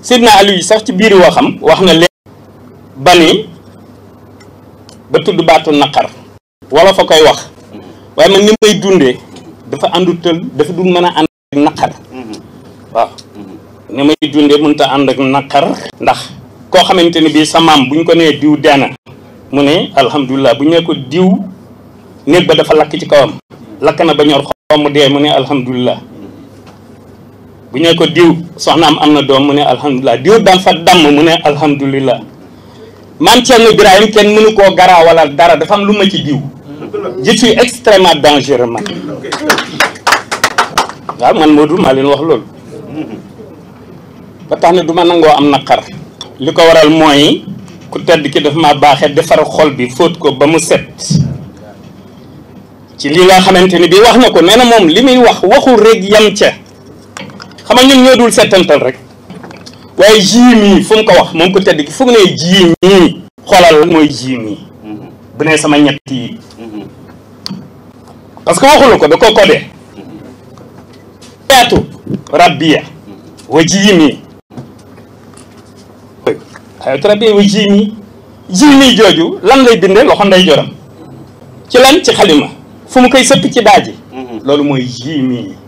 Sidna Aliou sax ci biir waxam wax na leen ba ni ba tudd baatu naqar wala fa koy wax waaye man ni may dundee dafa àndutal dafa dul mën a ànd ak naqar waaw ni may ndax koo xamante ni bii sa maam buñ ko nee diw deena mu ne alhamdulilah bu ñu ne ko diw néeg ba dafa lakk ci kawam lakk na ba ñor xom mu dee mu ne alhamdulilah bu ñu ko diw soxnaam am na doom mu ne alhamdulilah diw dam damm mu ne alhamdulilah maam Thierno Birahim kenn mënu koo garaawalal dara dafa am lu ma ci diw je suis extrêmement dangereux man waaw man Modou maa leen wax loolu ba tax na du ma nangoo am naqar li ko waral mooy ku tedd ki dafa ma baaxee defar xol bi fóot ko ba mu set ci li nga xamante ni bi wax na ko nee na moom li muy wax waxul rek yam ca xam nga ñun ñoo dul settantal rek waaye jii mii fu mu ko wax moom ko tedd ki fu mu ne jii mii xoolal lan mooy jii mii bu ne sama ñett yi parce que waxul ko da ko codé yaatu rabbiya wa rabbiya wa jii mii jii mii jooju lan lay bindee loxo nday joram ci lan ci xalima fu mu koy sëpp ci daaji mm-hmm. loolu mooy jii mii